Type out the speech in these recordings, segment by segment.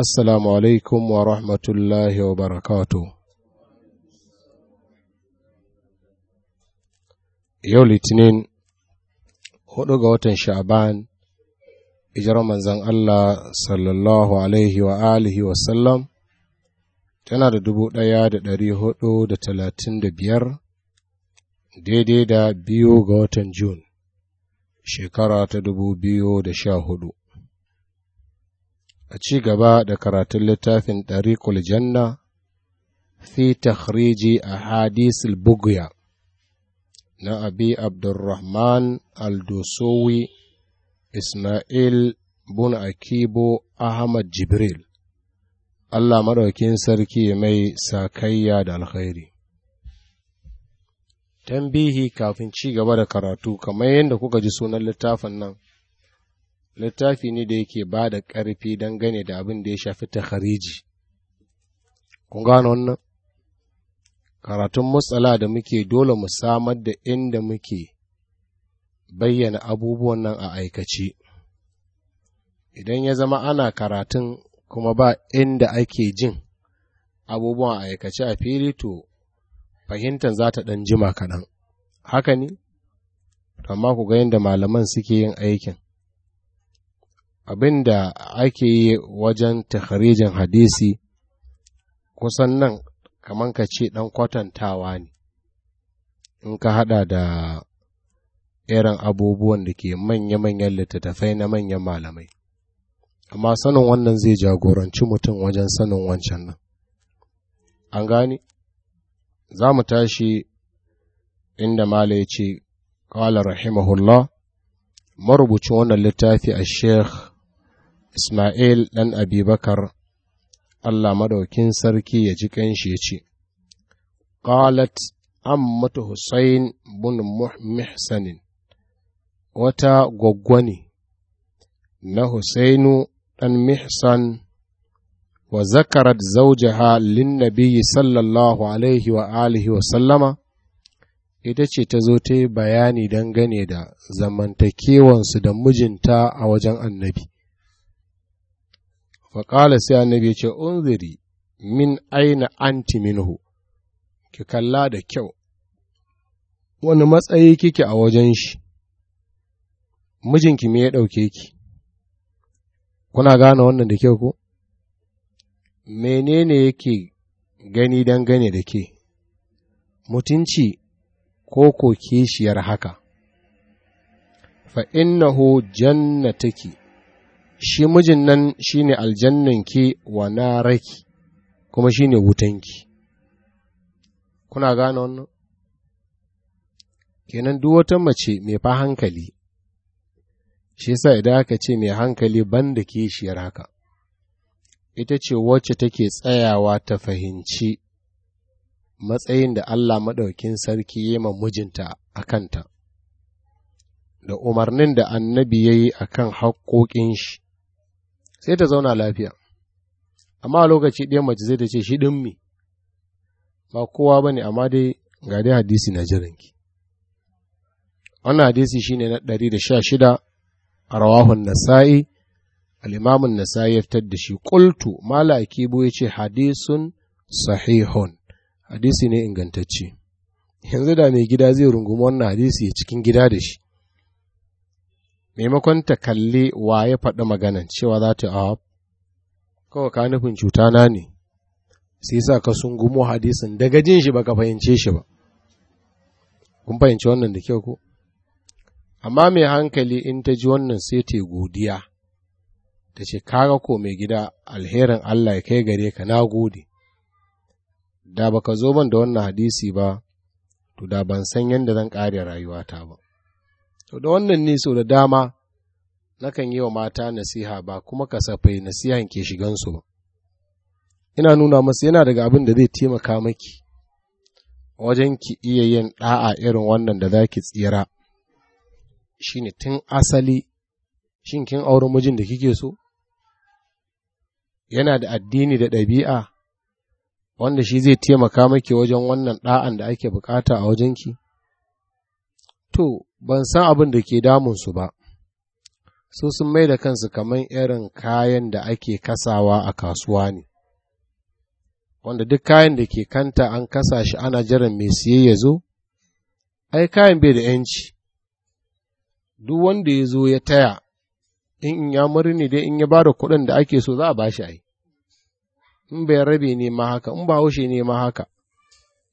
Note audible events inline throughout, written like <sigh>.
Assalamu alaikum wa rahmatullahi wa barakatu. Yau Litinin, hudu ga watan Sha'aban, ijar manzan Allah sallallahu Alaihi wa alihi tana da dubu ɗaya da ɗari hudu da talatin da biyar, daidai da biyu ga watan Jun, shekara ta dubu biyu da sha hudu. a ci gaba da karatun littafin ɗariƙul janna fi takhriji a hadisul buguya na abi abdurrahman aldosowi ismail bun akibo ahmad jibril allah maɗaukin sarki mai sakayya da alkhairi tambihi kafin ci gaba da karatu kamar yadda kuka ji sunan littafin nan littafi ne da yake ba da ƙarfi don gane da abin da ya shafi takhariji kun gano wannan karatun matsala da muke dole mu samar da inda muke bayyana abubuwan nan a aikace idan ya zama ana karatun kuma ba inda ake jin abubuwan aikace a fili to fahimtar za ta ɗan jima kaɗan haka ne amma ku ga yadda malaman suke yin aikin abin da ake yi wajen tahrijin hadisi kusan nan kaman ka ce ɗan kwatantawa ne in ka haɗa da irin abubuwan da ke manya-manyan littattafai na manyan malamai amma sanin wannan zai jagoranci mutum wajen sanin wancan nan an gani. za mu tashi inda mala ya ce ƙwalar rahimahullah marubucin wannan littafi a sheikh Ismail ɗan Abibakar, Allah madaukin sarki ya ji kanshi ya ce, Ƙalat ammatu Hussain bin Muhsanin, wata ne na Husainu ɗan Mihsan wa zakarat zaujaha linnabiyyi sallallahu alaihi wa alihi wa sallama, ita ce ta zo ta yi bayani dangane da zamantakewansu da mijinta a wajen annabi. faƙala sai annabi ya ce unziri min aina anti minhu ki kalla da kyau wani matsayi kike a wajen shi mijinki me ya ɗauke ki kuna gane wannan da kyau ko menene yake gani don gane da ke mutunci ko ko kishiyar haka fa innahu jannataki shi mijin nan shi shine aljannanki wa na raki kuma shi shine wutanki kuna gane wannan kenan duk wata mace mai fa hankali shi yasa idan aka ce mai hankali banda kishiyar haka ita ce wacce take tsayawa ta fahimci matsayin da Allah maɗaukin sarki ya ma mijinta a kanta da umarnin da annabi ya yi a kan haƙoƙin shi sai ta zauna lafiya amma lokaci ɗaya mace zai ta ce shi ɗin mi ba kowa ba ne amma dai ga dai hadisi na jiranki wannan hadisi shine na da sha shida, a rawahun nasa'i al'imamun nasa'i ya fitar da shi ƙultu mala akibu ya ce hadisun sahihun hadisi ne ingantacce yanzu da mai gida zai rungumi wannan hadisi cikin gida da shi maimakon ta kalli wa ya faɗi maganan cewa za ta a kawai ka nufin cuta na ne sai sa ka sungumo hadisin daga jin shi baka fahimce shi ba kun fahimci wannan da kyau ko amma mai hankali in ta ji wannan sai ta godiya ta ce kaga ko mai gida alherin Allah ya kai gare ka na gode da baka zo ban da wannan hadisi ba to da ban san yadda zan kare rayuwata ba To da wannan ne sau da dama nakan yi wa mata nasiha ba kuma kasafai nasihan ke shigansu ba. Ina nuna masu yana daga abin da zai taimaka maki wajen ki iya yin ɗa'a irin wannan da za ki tsira shi ne tun asali shin kin auri mijin da kike so? Yana da addini da ɗabi'a wanda shi zai taimaka maki wajen wannan ɗa'an da ake bukata a wajenki? ki? To, ban san abin da ke damunsu ba, su sun mai da kansu kamar irin kayan da ake kasawa a kasuwa ne, wanda duk kayan da ke kanta an kasa shi ana jiran mai siye ya zo, ai kayan bai da ‘yanci, duk wanda ya zo ya taya, in ya ne dai in ya ba da kuɗin da ake so za a ba shi ai, in bai rabe ne ma haka, in ba haushe ne ma haka.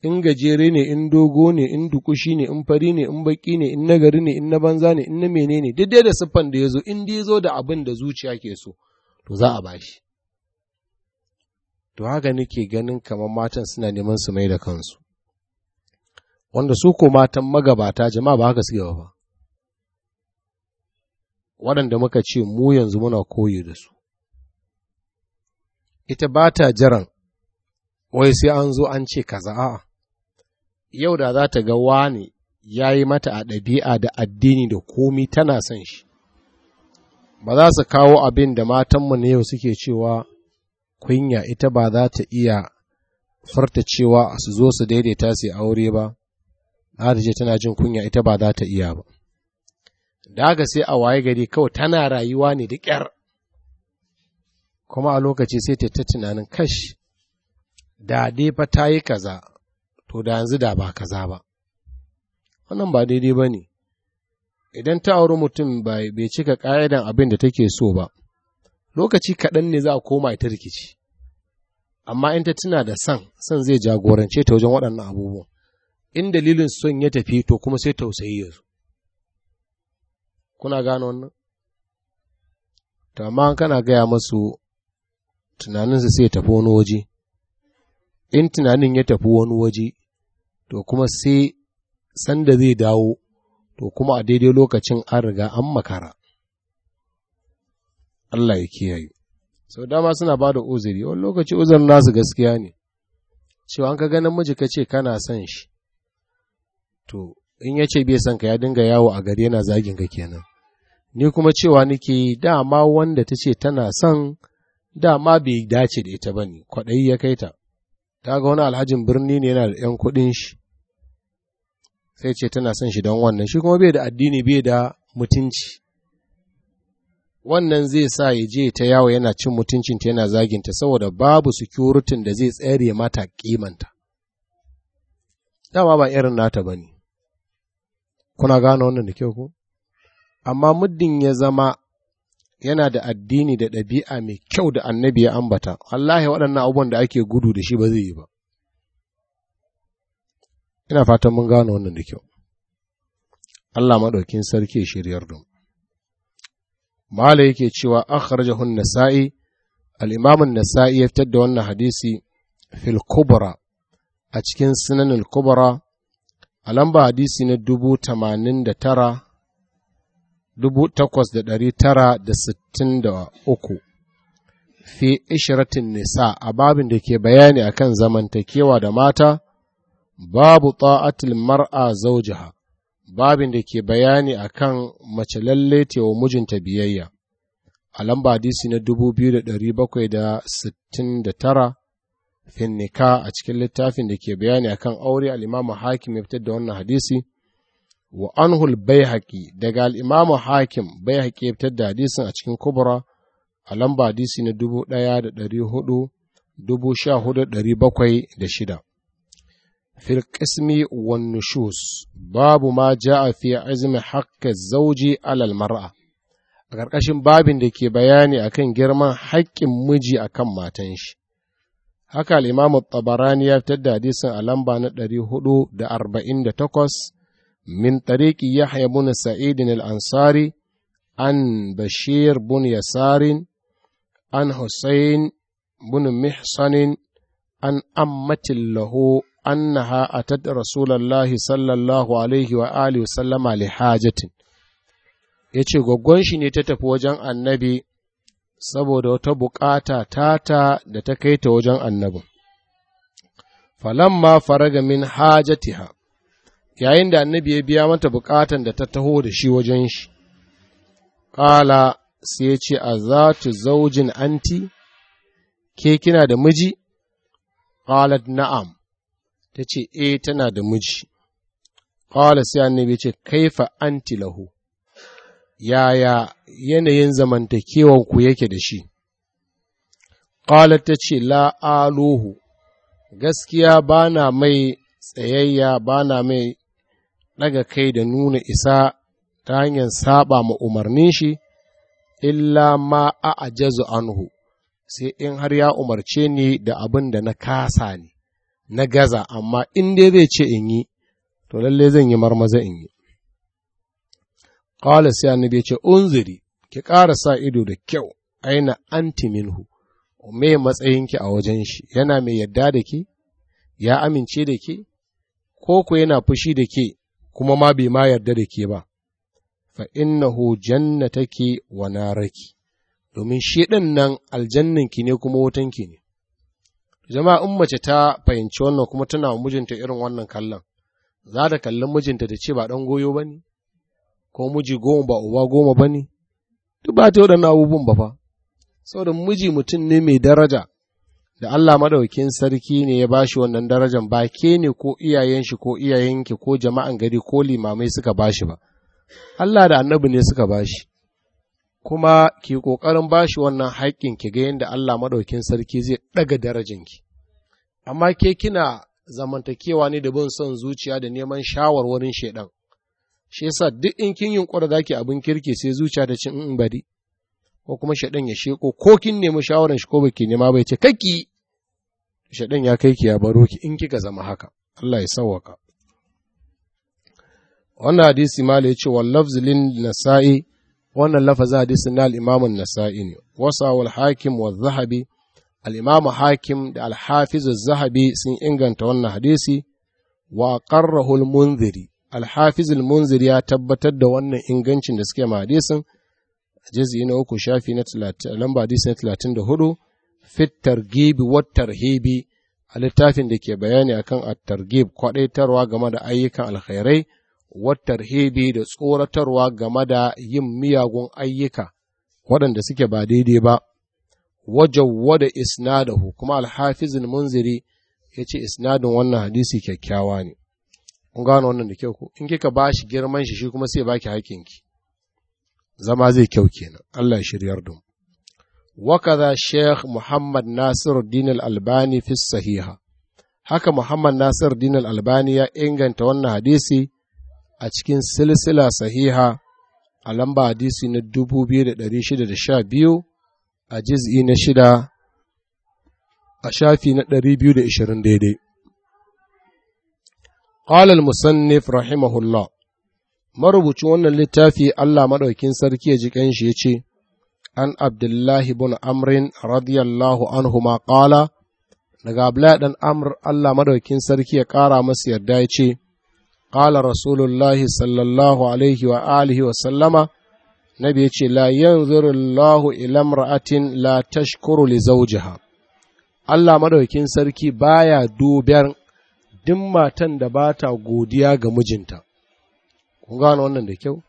in gajere ne in dogo ne in dukushi ne in fari ne in baki ne in nagari ne in na banza ne in na menene duk dai da siffan da yazo zo in dai zo da abin da zuciya ke so to za a bashi to haka nake ganin kamar matan suna neman su mai da kansu wanda su ko matan magabata jama'a ba haka suke ba waɗanda muka ce mu yanzu muna koyi da su ita ba ta jiran wai sai an zo an ce kaza a'a yau da za ta ga wani ya yi mata a ɗabi'a da addini da komi tana son shi ba za su kawo abin da matanmu na yau suke cewa kunya ita ba za ta iya furta cewa su zo su daidaita su aure ba Adije tana jin kunya ita ba za ta iya ba. Da haka sai a waye gari kawai tana rayuwa ne da kyar kuma a lokaci sai ta tunanin kashi. da dai fa ta yi kaza, to da yanzu da ba kaza ba wannan ba daidai ba ne idan ta auri mutum bai cika ƙa'idan abin da take so ba lokaci kaɗan ne za a koma ita rikici amma in ta tuna da san san zai jagorance ta wajen waɗannan abubuwan in dalilin son ya tafi to kuma sai tausayi ya zo kuna gano wannan to amma kana gaya masu tunaninsa sai ya tafi wani waje in tunanin ya tafi wani waje to kuma sai sanda zai dawo to kuma a daidai lokacin an riga an makara Allah ya kiyaye sau dama suna ba da uzuri wani lokaci uzurin nasu gaskiya ne cewa an ka ganin miji ka ce kana son shi to in ya ce bai san ka ya dinga yawo a gari yana zagin ka kenan ni kuma cewa nake dama wanda ta ce tana son dama bai dace da ita ba ne, kwaɗayi ya kai ta ta ga wani alhajin birni ne yana da 'yan kuɗin shi sai ce tana son shi don wannan shi kuma bai da addini bai da mutunci wannan zai sa ya je ta yawo yana cin mutuncinta yana zaginta saboda babu sikuritin da zai tsare mata kimanta dama ba irin nata ba ne kuna gane wannan da kyau ko amma muddin ya zama yana da addini da ɗabi'a mai kyau da annabi ya ambata wallahi waɗannan abubuwan da ake gudu da shi ba zai yi ba ina fatan mun gano wannan da kyau Allah maɗaukin sarki shiryar don. mala yake cewa an-nasa'i hun nasa'i, al’imamun nasai ya fitar da wannan hadisi fil a cikin sunanin a lamba hadisi na dubu tamanin da tara uku fi ishiratin nisa a babin da ke bayani a kan zamantakewa da mata babu ta'atil mar'a zaujiha babin da ke bayani akan mace lalle wa mijinta biyayya a lamba hadisi na 2769 fin nika a cikin littafin da ke bayani a kan aure a limamin hakim ya fitar da wannan hadisi wa anhul baihaqi daga al-imamu hakim baihaqi fitar da hadisin a cikin kubra a lamba hadisi na dubu ɗaya da ɗari hudu dubu sha hudu ɗari bakwai da shida fil qismi wan nushus babu ma ja'a fi azumin haqqi zawji alal mar'a a ƙarƙashin babin da ke bayani akan girman haƙƙin miji akan matan shi haka al-imamu tabarani ya fitar da hadisin a lamba na ɗari hudu da arba'in da takwas min tariki Yahya bin Sa'id al-Ansari an Bashir bin Yasarin an Hussein bin Mihsanin an ammatin lahu annaha atat rasulallahi sallallahu alaihi wa alihi yace gwaggon shi ne ta tafi wajen annabi saboda wata bukata tata da ta kai ta wajen annabin falamma faraga min hajatiha yayin da annabi ya biya mata bukatan da ta taho da shi wajen shi ƙala sai ya ce a za zaujin anti ke kina da miji qalat na'am ta ce e tana da miji ƙala sai annabi ya ce kaifa anti lahu yaya yanayin zamantakewan ku yake da shi qalat ta ce aluhu gaskiya bana mai tsayayya ba mai ɗaga kai da nuna isa ta hanyar saba ma umarnin shi, illa ma a ajazu anhu, sai in har ya umarce ni da abin da na kasa ne, na gaza, amma in dai zai ce in yi, to lalle zan yi marmaza in yi. Ƙawala sai annabi ce, Unziri, ki ƙara sa ido da kyau, aina anti minhu, me ki a wajen shi, yana mai yadda da ke, ya amince da ke, ko ku yana fushi da ke, kuma ma bai ma yarda da ke ba fa innahu take wa naraki domin shi ɗin nan aljannin ne kuma wutan ne jama'a in mace ta fahimci wannan kuma tana wa mijinta irin wannan kallon za ta kalli mijinta da ce ba dan goyo ba ne? ko miji goma ba uba goma ba ne? duk ba ta waɗannan abubuwan ba fa saboda miji mutum ne mai daraja da Allah madaukin sarki ne ya bashi wannan darajan ba ke ne ko iyayen shi ko iyayenki ko jama'an gari ko limamai suka bashi ba Allah da annabi ne suka bashi kuma ki kokarin bashi wannan haƙƙin ki ga yadda Allah madaukin sarki zai daga darajanki amma ke kina zamantakewa ne da bin son zuciya da neman shawarwarin shaidan shi yasa duk in kin yunkura zaki abin kirki sai zuciya ta ci in mm, mm, bari ko kuma shaɗan ya sheko ko kin nemi shawaran shi ko baki nema bai ce kaki shaɗan ya kai ki ya baro ki in kika zama haka Allah ya sawwaka wannan hadisi mala ya ce wa lafzilin nasa'i wannan lafazin hadisi na an nasa'i ne wasa wal hakim wa zahabi al-imam hakim da alhafizu zahabi sun inganta wannan hadisi wa al munziri alhafizul munziri ya tabbatar da wannan ingancin da suke ma hadisin jizi na uku shafi na lamba hadisi na talatin da hudu fit targibi wat tarhibi a littafin da ke bayani akan at-targib kwadaitarwa game da ayyukan alkhairai wat tarhibi da tsoratarwa game da yin miyagun ayyuka waɗanda suke ba daidai ba wajen wada isnadahu kuma alhafizin munziri ya ce isnadin wannan hadisi kyakkyawa ne kun wannan da kyau ko in kika bashi girman shi shi kuma sai baki hakinki zama zai kyau kenan Allah shiryar da mu wakaza Sheikh Muhammad Nasiru Al-Albani fi sahiha haka Muhammad Nasiru Al-Albani ya inganta wannan hadisi a cikin silsila sahiha a lamba hadisi na 2612 a juz'i na shida a shafi na 220 daidai قال المصنف رحمه الله marubucin wannan littafi Allah maɗaukin sarki ya ji ƙanshi ya ce, An Abdullahi bin Amrin radiyallahu anhu ma ƙala, daga Abdullahi ɗan Amr Allah maɗaukin sarki ya ƙara masa yarda ya ce, Ƙala Rasulullahi sallallahu alaihi wa alihi wa sallama, Nabi ya ce, La yanzurullahu ila ra'atin la tashkuru li zawjiha. Allah maɗaukin sarki baya dubar duk matan da bata godiya ga mijinta. kun gane wannan da kyau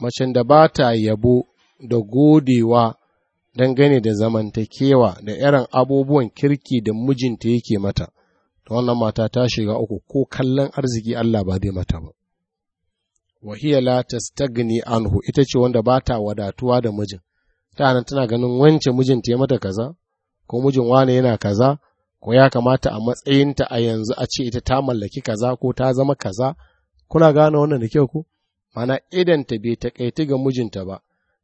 macen da ba ta yabo da godewa dangane da zamantakewa da irin abubuwan kirki da mijinta yake mata da wannan mata ta shiga uku ko kallon arziki Allah ba zai mata ba wahiya la tastagni anhu ita ce wanda ba ta wadatuwa da mijin ta nan tana ganin wance mijinta ya mata kaza ko mijin wane yana kaza ko ya kamata a matsayinta a yanzu a ce ita ta mallaki kaza ko ta zama kaza kuna gane wannan da kyau ku mana idanta bai takaiti ga mijinta ba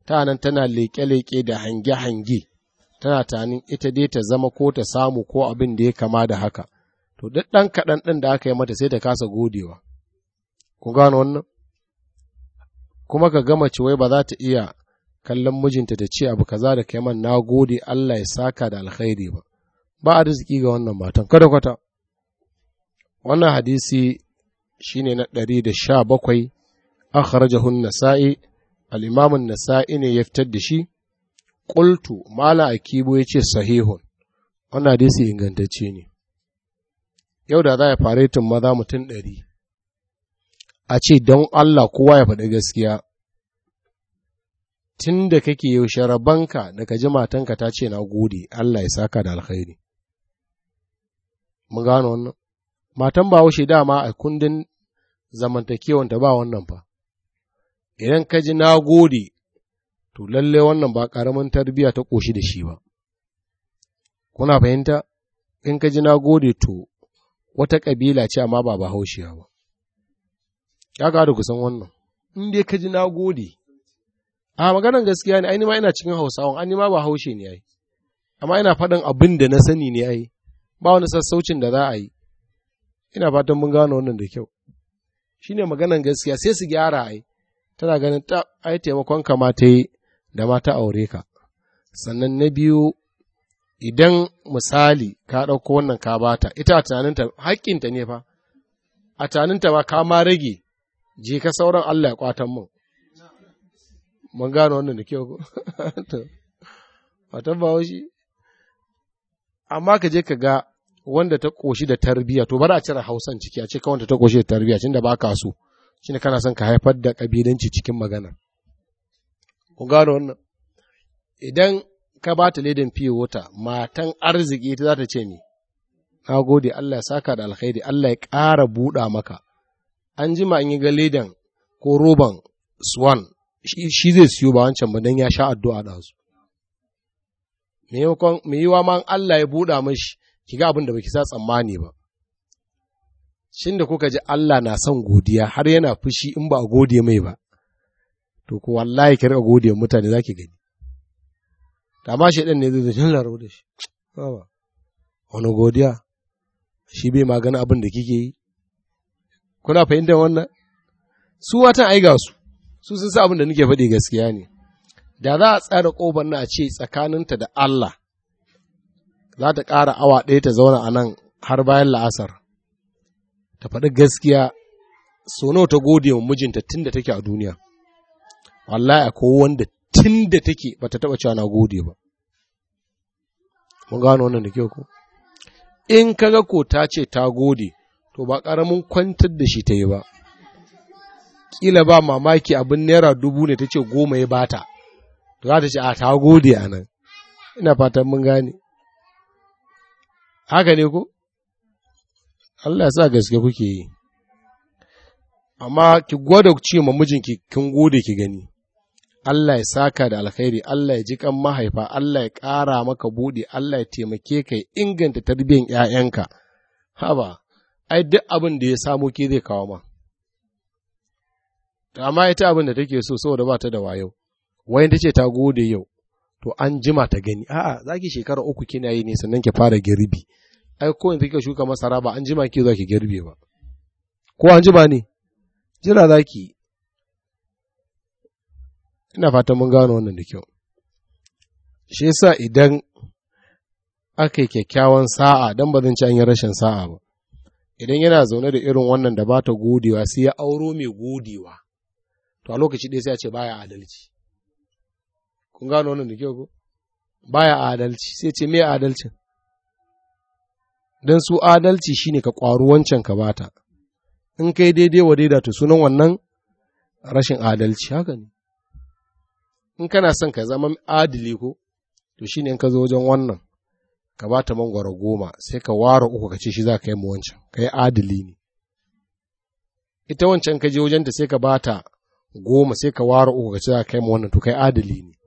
ta nan tana leƙe-leƙe da hange-hange tana tanin ita dai ta zama ko ta samu ko abin da ya kama da haka to duk ɗan kaɗan ɗin da aka yi mata sai ta kasa godewa ku gano wannan kuma ka gama wai ba za ta iya kallon mijinta ta ce abu kaza da kai man na gode Allah ya saka da alkhairi ba ba arziki ga wannan matan kada kwata wannan hadisi Shi ne na ɗari da sha bakwai, an-nasa'i al nasai ne ya fitar da shi ƙultu mala ya ce sahihun dai su ingantacce ne yau da za a yi tun maza mutum ɗari a ce don Allah kowa ya faɗi gaskiya tun da kake yaushe rabanka daga ka ji matanka ta ce na gode Allah ya saka da alkhairi mun gano wannan matan ba wuce dama a kundin zamantakewanta ba wannan fa idan ka ji na gode to lalle wannan ba ƙaramin tarbiyya ta ƙoshi da shi ba kuna fahimta in ka ji na gode to wata ƙabila ce amma ba bahaushiya ba ya da kusan wannan in dai ka ji na gode a maganar gaskiya ne aini ma ina cikin hausawan an ma ba haushe ne ai amma ina faɗin abin da na sani ne ai ba wani sassaucin da za a yi ina fatan mun gano wannan da kyau shine maganan gaskiya sai su gyara ai tana ganin ta ai taimakon ka ma ta yi da ma ta aure ka sannan na biyu idan misali ka ɗauko wannan ka bata ita a tunaninta haƙƙinta ne fa a tunaninta ma ka ma rage je ka sauran Allah ya kwatan mun mun gano wannan da kyau ko <laughs> ba shi amma ka je ka ga wanda ta koshi da tarbiya to bari a cire hausan ciki a ce ka wanda ta koshi da tarbiya tunda ba ka so shine kana son ka haifar da kabilanci cikin magana ku gano wannan idan ka ba ta ledin fiye wata matan arziki ta za ta ce mi na gode Allah ya saka da alkhairi Allah ya ƙara buɗa maka an jima an yi ga ledan ko roban swan shi zai siyo ba wancan ba don ya sha addu'a da su yiwa ma Allah ya buɗa mashi ki ga abin da baki sa tsammani ba shin da kuka ji Allah na son godiya har yana fushi in ba a gode mai ba to ku wallahi ki rika gode mutane zaki gani ma shi ɗan ne zai zai laro da shi wani godiya shi bai magana abin da kike yi kuna fahimtar wannan su watan ai ga su su sun sa abin da nake faɗi gaskiya ne da za a tsara ƙoban na a ce tsakaninta da Allah za ta ƙara awa ɗaya ta zauna a nan har bayan la'asar ta faɗi gaskiya nawa ta gode wa mijinta tun da take a duniya wallahi akwai wanda tun da take ba ta taɓa cewa na gode ba mun gano wannan da kyau ko in kaga ko ta ce ta gode to ba ƙaramin kwantar da shi ta yi ba kila ba mamaki abin naira dubu ne ta ce goma ya bata za ta ce a ta gode a nan ina fatan mun gane haka ne ko Allah ya sa gaske kuke yi amma ki gwada ce ma mijinki kin gode ki gani Allah ya saka da alkhairi Allah ya ji kan mahaifa Allah ya ƙara maka buɗe Allah ya taimake ka ya inganta tarbiyyar yayanka haba ai duk abin da ya samu ke zai kawo ma amma ita abin da take so saboda ba ta da wayo wayan ce ta gode yau to an jima ta gani a'a zaki shekara uku kina yi ne sannan ki fara girbi ai ko in kika shuka masara ba an jima ki zo ki girbe ba ko an jima ne jira zaki ina fatan mun gano wannan da kyau shi yasa idan aka yi kyakkyawan sa'a dan ba zan ci an yi rashin sa'a ba idan yana zaune da irin wannan da ba ta godewa sai ya auro mai godewa to a lokaci ɗaya sai a ce baya adalci kun gano wannan da kyau ko baya adalci sai ce me adalcin don su adalci shine ka ƙwaro wancan ka bata in kai daidai wa daida to sunan wannan rashin adalci haka ne in kana son ka zama adili ko to shine in ka zo wajen wannan ka bata mangwaro goma sai ka ware uku ka ce shi za ka yi mu wancan ka yi adili ne ita wancan ka je wajenta sai ka bata goma sai ka ware uku ka ce za ka yi mu wannan to ka yi adili ne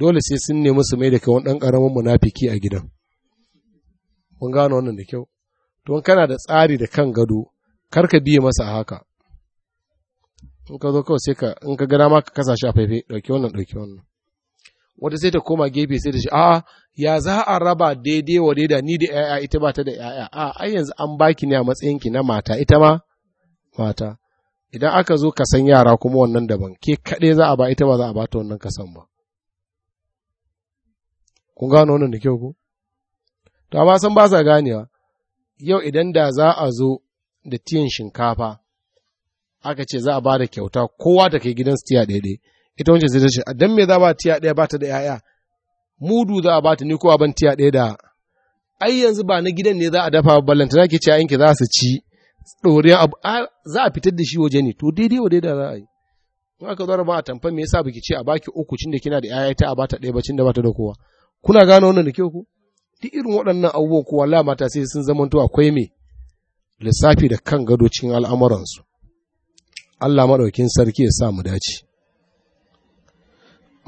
dole sai sun nemi su mai da kai wani ɗan ƙaramin munafiki a gidan mun gano wannan da kyau to kana da tsari da kan gado kar ka biye masa haka in ka zo kawai sai ka in ka gana ma ka kasa shi a faifai ɗauki wannan ɗauki wannan wata sai ta koma gefe sai ta shi, a'a ya za a raba daidai wa daida ni da 'ya'ya ita ba ta da 'ya'ya a ai yanzu an baki ne a matsayin ki na mata ita ma mata idan aka zo ka san yara kuma wannan daban ke kaɗai za a ba ita ba za a ba ta wannan kasan ba Kun gano wannan da kyau ko? To, amma san ba sa ganewa, yau idan da za a zo da tiyan shinkafa, aka ce za a ba da kyauta kowa ta kai gidan tiya ɗaya ita wancan sai ta ce, dan me za ba tiya ɗaya ba ta da ‘ya'ya, mudu za a ba ta ni kowa ban tiya ɗaya da ai yanzu ba na gidan ne za a dafa ballanta ke ce yanki za su ci ɗoriyar abu za a fitar da shi waje ne to daidai wa daidai za a yi in aka zo ba a tamfa me yasa baki ce a baki uku cin da kina da 'ya'ya ta a ta ɗaya cin da bata da kowa Kuna gano wannan da kyau ku? Duk irin waɗannan abubuwan ku wala mata sai sun zamantu akwai me lissafi da kan gado cikin al'amuransu. Allah maɗaukin sarki ya sa mu dace.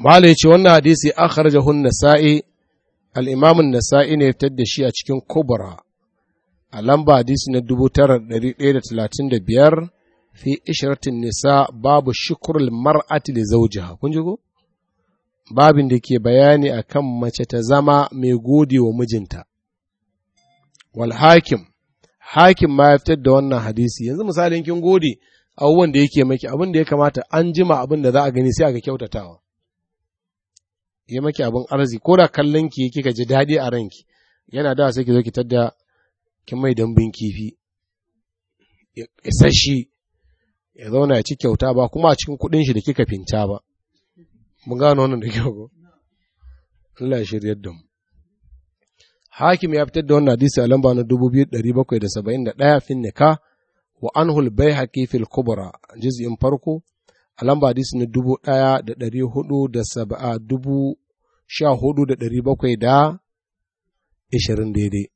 Malai ce wannan hadisi an kharaja hun nasa'i, al'imamun nasa'i ne fitar da shi a cikin kubra a lamba hadisi na 9,135 fi ishratin nisa babu shukrul mar'ati da zawjiha Kun ji ko? babin da ke bayani a kan mace ta zama mai gode wa mijinta. Wal hakim, hakim ma ya fitar da wannan hadisi, yanzu misalin kin gode abubuwan da yake maki abin da ya kamata an jima abin da za a gani sai aka kyautatawa. Ya maki abin arzi, ko da kallon ki kika ji daɗi a ranki, yana da sai ki zo ki tadda kin mai dambin kifi. Ya shi, ya zauna ya ci kyauta ba kuma a cikin kuɗin shi da kika finta ba. mun gano wannan da kyau ko Allah ya shiryar da mu hakim ya fitar da wannan hadisi a lamba na 2771 fin nika wa anhu al-baihaqi fil kubra juz'in farko a lamba hadisi na 1470 ishirin daidai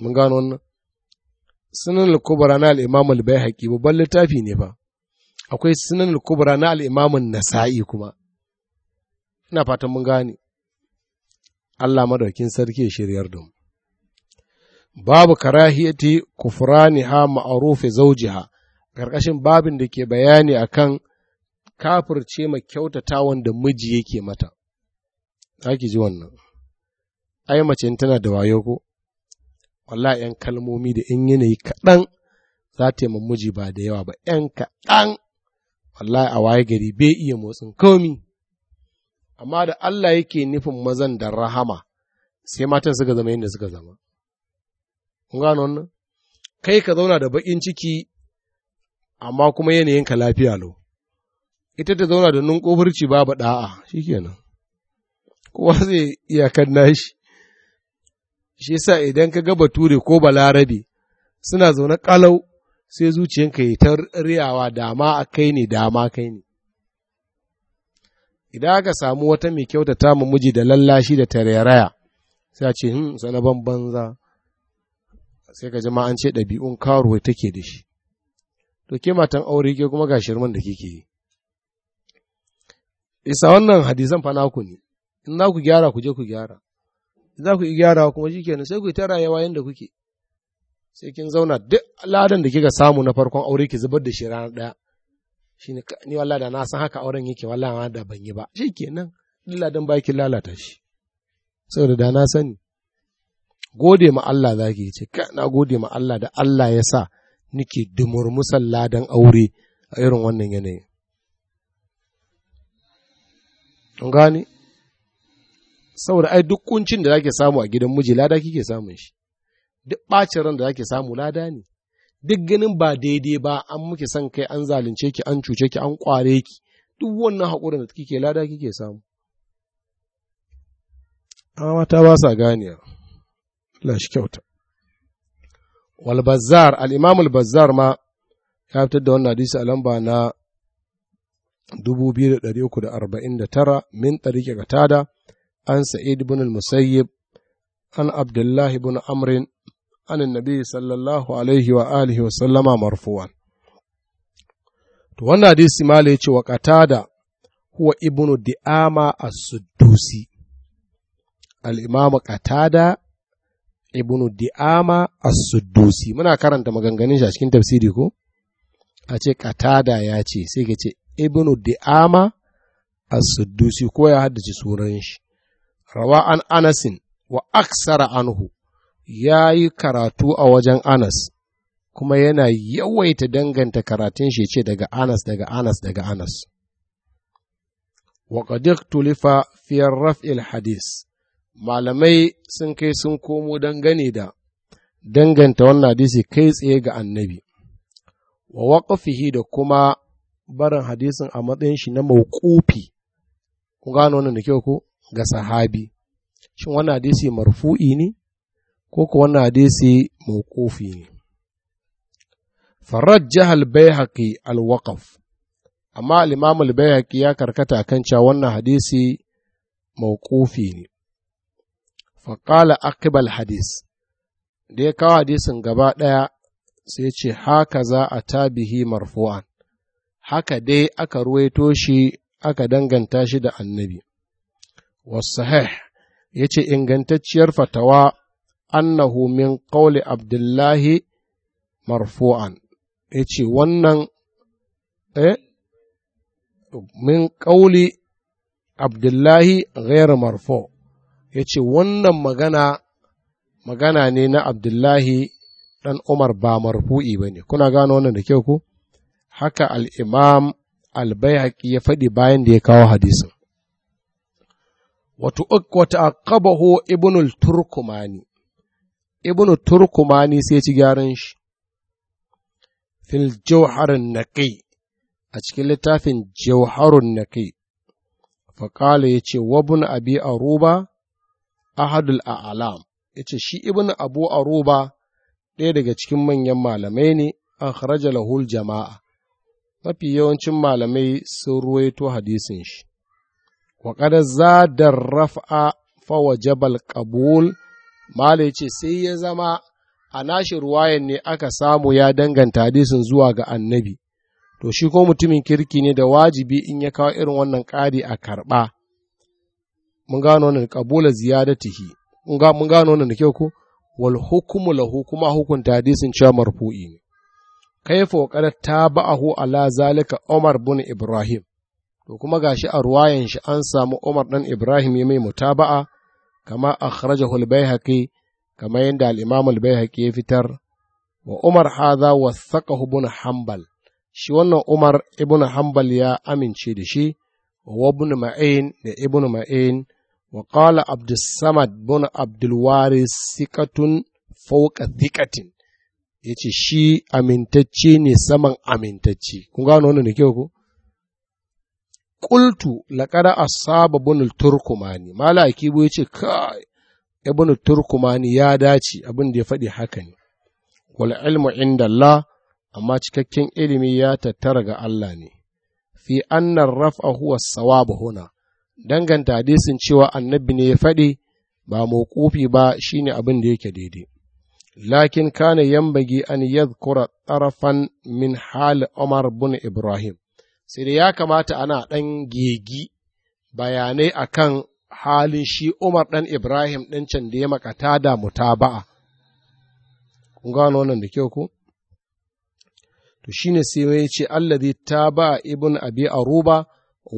mun gano wannan sunan al-kubra na al-imam al bayhaqi babban littafi ne fa akwai sunan al-kubra na al-imam an-nasa'i kuma ina fatan mun gane Allah madaukin sarki ya shiryar da mu babu karahiyati ha ma'rufi zaujiha, karkashin babin da ke bayani akan kafirce ma kyautata wanda miji yake mata ki ji wannan ai mace in tana da wayo ko wallahi yan kalmomi da in yanayi kaɗan za ta yi miji ba da yawa ba yan kaɗan wallahi a waye gari bai iya motsin komi amma da Allah yake nufin mazan da rahama sai matan suka zama yadda suka zama. Kun gano wannan? Kai ka zauna da baƙin ciki amma kuma ka lafiya lau. Ita ta zauna da nunkofurci babu ɗa'a shi kenan. Kowa zai kan nashi. Shi sa idan ka ga bature ko balarabe suna zaune ƙalau sai zuciyanka yi ta riyawa dama a kai ne dama kai ne. idan aka samu wata mai ta mu miji da lallashi da tarairaya sai a ce sana hmm, sanaban banza sai ka jama an ce ɗabi'un karuwa take da shi to ke matan aure ke kuma ga shirman da kike yi isa wannan hadisan fa naku ne in za ku gyara ku je ku gyara za ku yi gyara kuma shi kenan sai ku yi ta rayuwa yadda kuke sai kin zauna duk ladan da kika samu na farkon aure ki zubar da shi ranar ɗaya shi ni wallah da na san haka auren yake wallah ma da ban yi ba shi kenan illa dan baki lalata shi saboda da na sani gode ma Allah zaki ce ka na gode ma Allah da Allah ya sa nike dumurmusan ladan aure a irin wannan yanayin gani saboda ai duk kuncin da zake samu a gidan miji lada kike samun shi duk bacin ran da zake samu lada ne duk ganin ba daidai ba an muke son kai an zalunce ki an cuce ki an kware ki duk wannan haƙurin da kike lada kike samu amma mata ba sa ganiya Allah shi kyauta wal bazzar al imam al bazzar ma ya fitar da wannan hadisi a lamba na 2349 min tariqa qatada an sa'id ibn al musayyib an abdullah ibn Amrin. anin nabi sallallahu alaihi wa alihi wa sallama marfuwan to wannan hadisi mala yace wa qatada huwa ibnu di'ama as-suddusi al-imam qatada ibnu di'ama as-suddusi muna karanta maganganun shi a cikin tafsiri ko a ce qatada ya ce sai ka ce ibnu di'ama as-suddusi ko ya haddace suran shi rawa an anasin wa aksara anhu ya yi karatu a wajen Anas, kuma yana yawaita danganta karatun shi ce daga Anas daga Anas daga Anas. Waƙadik tulifa fiyar raf'il hadis, malamai sun kai sun komo dangane da danganta wannan hadisi kai tsaye ga annabi, wa waƙafihi da kuma barin hadisin a matsayin shi na mauƙufi, ku gano wannan da kyau ko ga sahabi, shin wannan hadisi marfu'i ne? ko ku wannan hadisi mawqufi ne farajjah al bayhaqi al waqaf amma al-imam al bayhaqi ya karkata kan cewa wannan hadisi mawqufi ne faƙala aqibal hadis da ya kawo hadisin gaba ɗaya sai ce haka za a tabihi marfu'an haka dai aka ruwaito shi aka danganta shi da annabi wasahih ya ce ingantacciyar fatawa annahu min qawli abdullahi marfu'an yace wannan eh min qawli abdullahi ghairu marfu yace wannan magana magana ne na abdullahi dan Umar ba marfu'i ba ne, kuna gano wannan da kyau ko Haka al'imam bayhaqi ya faɗi bayan da ya kawo hadisin. Wata aqabahu ibnul turkumani ibnu turkumani sai ci gyaran shi fil jawharin naqi a cikin littafin jawharun naqi faƙala ya ce wabun abi aruba ahadul aalam ya ce shi ibnu abu aruba ɗaya daga cikin manyan malamai ne an kharaja lahul jama'a mafi yawancin malamai sun ruwaito hadisin shi wa qad zadar raf'a fa wajabal qabul Malai ce sai ya zama a nashi ruwayan ne aka samu ya danganta hadisin zuwa ga annabi, to shi ko mutumin kirki ne da wajibi in ya kawo irin wannan ƙari a karɓa. Mun gano wannan ƙabula ziyadatihi, mun gano wannan da kyau ko? Wal hukumu la kuma hukunta hadisin cewa marfu'i ne. Kaifa wa ta ba'ahu ala zalika Umar bin Ibrahim, to kuma gashi a ruwayan shi an samu Umar ɗan Ibrahim ya mai mutaba'a kama akhrajahu al-baihaqi kama yanda al-imam al-baihaqi ya fitar wa umar hadha wasaqahu ibn hambal shi wannan umar ibn hambal ya amince da shi wa ibn ma'in da ibn ma'in wa qala abdus samad ibn abdul waris sikatun fawqa thikatin yace shi amintacce ne saman amintacce kun gano wannan da kyau ko qultu a asaba bunul turkumani mala akibu yace kai ibn turkumani ya dace abin da ya faɗi haka ne wal ilmu inda Allah amma cikakken ilimi ya tattara ga Allah ne fi annar raf'a huwa sawab huna danganta hadisin cewa annabi ne ya faɗi ba kufi ba shine abin da yake daidai lakin kana yambagi an yadhkura tarafan min hal Umar bin Ibrahim sai dai ya kamata ana ɗan gegi bayanai a kan halin shi Umar ɗan Ibrahim ɗin can da ya makata da mutaba'a. Kun gano wannan da kyau ku? To shi ne sai mai ce Allah zai ta ba ibn abi aruba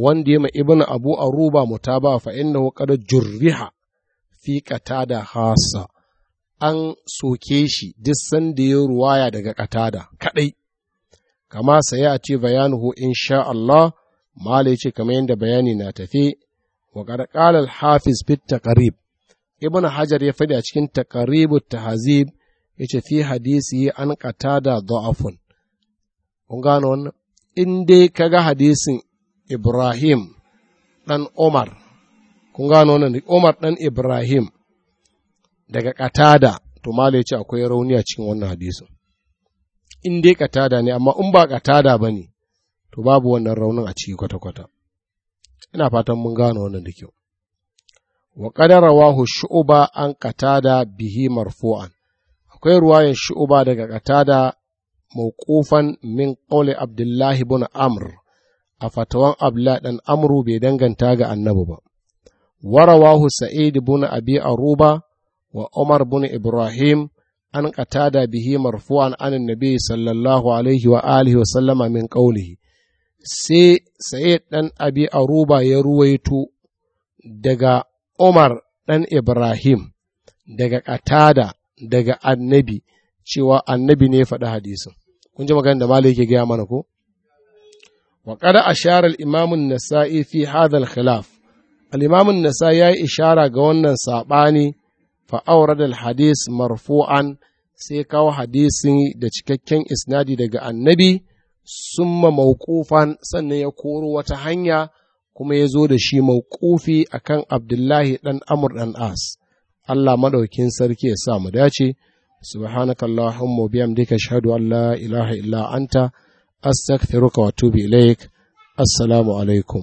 wanda ya ma ibin abu aruba ba fa inna hu qad jurriha fi katada hasa an soke shi duk sanda ya ruwaya daga katada kaɗai kama saya a ce bayanuhu insha Allah mala ya ce kamar yadda bayani na tafi wa ƙarƙalar hafiz fit taqrib ibn hajar ya faɗi a cikin taqribu tahazib ya ce fi hadisi an qatada da'afun kun gano wannan in dai kaga hadisin Ibrahim ɗan Umar kun gano wannan Umar ɗan Ibrahim daga Qatada to mala ya ce akwai rauni a cikin wannan hadisin in dai katada ne amma in ba katada ba ne to babu wannan raunin a ciki kwata-kwata ina fatan mun gano wannan da kyau wa qadara Shu'uba shu'uba an katada bihi marfu'an akwai ruwayan Shu'uba daga katada mawqufan min qawli abdullahi ibn amr a fatawan abla dan amru bai danganta ga annabi ba warawahu sa'id ibn abi aruba wa umar ibn ibrahim an katada bihi marfu'an anin nabi sallallahu alaihi wa alihi wa sallama min qawlihi sai sa'id ɗan abi aruba ya ruwaito daga umar ɗan ibrahim daga ƙatada daga annabi cewa annabi ne faɗi hadisin kun ji magana da malai yake gaya mana ko وقد أشار الإمام النسائي في هذا الخلاف الإمام النسائي ishara إشارة قولنا ساباني fa'aurar hadis marfu'an sai kawo hadisin da cikakken isnadi daga annabi summa mawqufan sannan ya koro wata hanya kuma ya zo da shi mawqufi akan abdullahi ɗan amur ɗan as Allah maɗaukin sarki ya sa mu dace subhanakallahumma bihamdika ashhadu an la ilaha illa anta astaghfiruka wa atubu ilaik assalamu alaikum